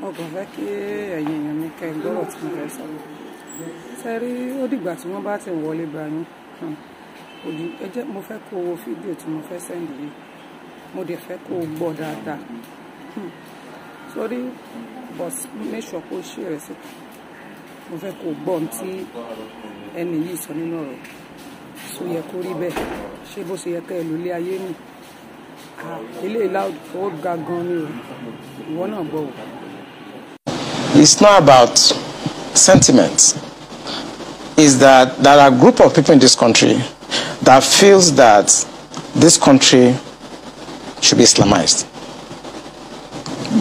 mo kàn fẹ́ kí ẹ̀yin èèyàn mi kẹ́ gbọ́rọ̀ tí mo fẹ́ sọ ṣe rí ó dìgbà tí wọ́n bá ti wọlé bá yín òdì hmm. ẹ jẹ́ mo fẹ́ kó o fídíò tí mo fẹ́ sẹ́ndì yìí mo dẹ̀ fẹ́ kó o gbọ́ dáadáa sórí bọ́s mẹ́sọ̀ kó ṣe rẹ̀ síta mo fẹ́ kó o gbọ́ ohun tí ẹni yìí sọ nínú ọ̀rọ̀ ṣó yẹ kó rí bẹ́ẹ̀ ṣé bó ṣe yẹ kẹ́ ẹ lò lé ayé nì ilé ìlà ó ga gan ni o ìwọ náà gbọ́ o. It's not about sentiments. Is that there are a group of people in this country that feels that this country should be Islamized.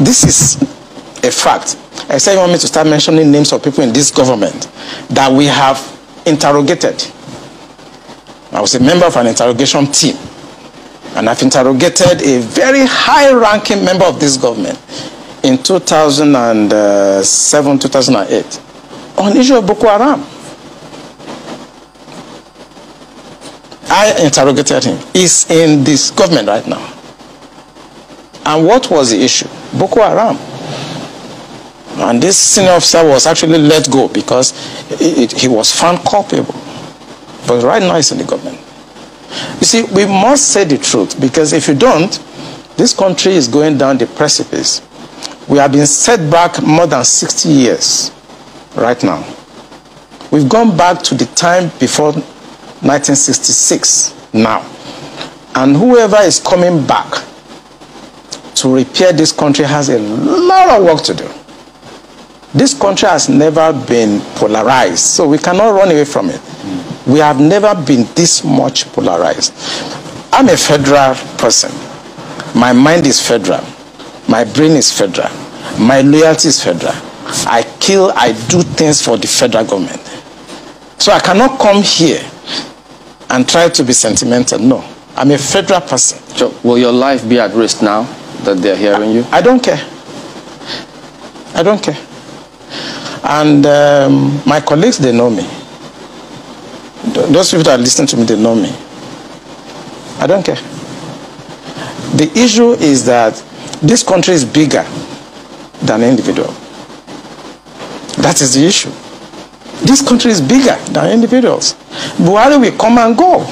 This is a fact. I say you want me to start mentioning names of people in this government that we have interrogated. I was a member of an interrogation team, and I've interrogated a very high ranking member of this government in 2007, 2008 on issue of Boko Haram. I interrogated him. He's in this government right now. And what was the issue? Boko Haram. And this senior officer was actually let go because it, it, he was found culpable. But right now he's in the government. You see, we must say the truth because if you don't, this country is going down the precipice we have been set back more than 60 years right now. We've gone back to the time before 1966 now. And whoever is coming back to repair this country has a lot of work to do. This country has never been polarized, so we cannot run away from it. We have never been this much polarized. I'm a federal person. My mind is federal. My brain is federal. My loyalty is federal. I kill, I do things for the federal government. So I cannot come here and try to be sentimental. No. I'm a federal person. So will your life be at risk now that they're hearing I, you? I don't care. I don't care. And um, my colleagues, they know me. Those people that listen to me, they know me. I don't care. The issue is that this country is bigger than individual. That is the issue. This country is bigger than individuals. Buhari will come and go.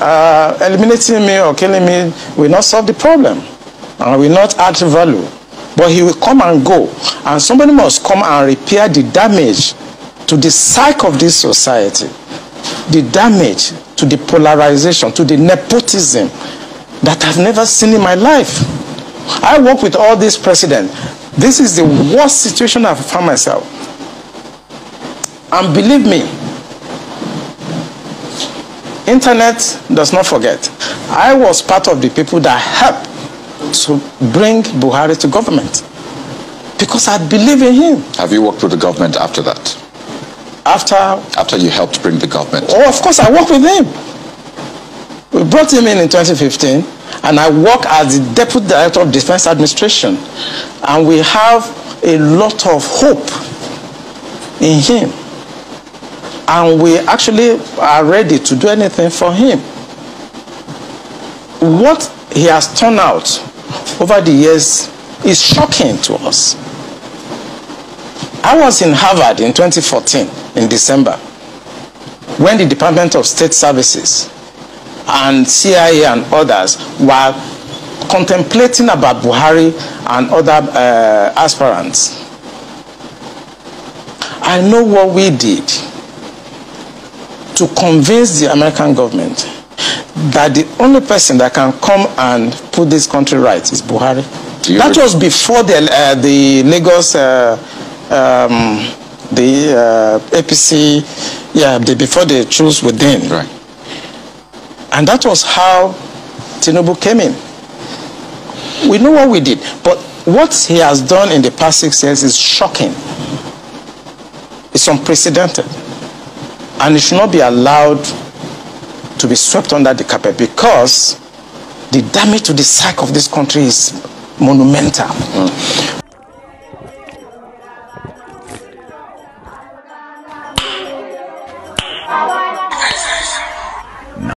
Uh, eliminating me or killing me will not solve the problem and will not add value. But he will come and go. And somebody must come and repair the damage to the psyche of this society, the damage to the polarization, to the nepotism that I've never seen in my life. I work with all these presidents. This is the worst situation I've found myself. And believe me, internet does not forget. I was part of the people that helped to bring Buhari to government because I believe in him. Have you worked with the government after that? After? After you helped bring the government. Oh, of course, I worked with him. We brought him in in 2015, and I work as the Deputy Director of Defense Administration, and we have a lot of hope in him. And we actually are ready to do anything for him. What he has turned out over the years is shocking to us. I was in Harvard in 2014, in December, when the Department of State Services and CIA and others were contemplating about Buhari and other uh, aspirants. I know what we did to convince the American government that the only person that can come and put this country right is Buhari. That was before the, uh, the Lagos, uh, um, the uh, APC, yeah, the, before they choose within. Right. And that was how Tinubu came in. We know what we did, but what he has done in the past six years is shocking. It's unprecedented. And it should not be allowed to be swept under the carpet because the damage to the psyche of this country is monumental. Mm.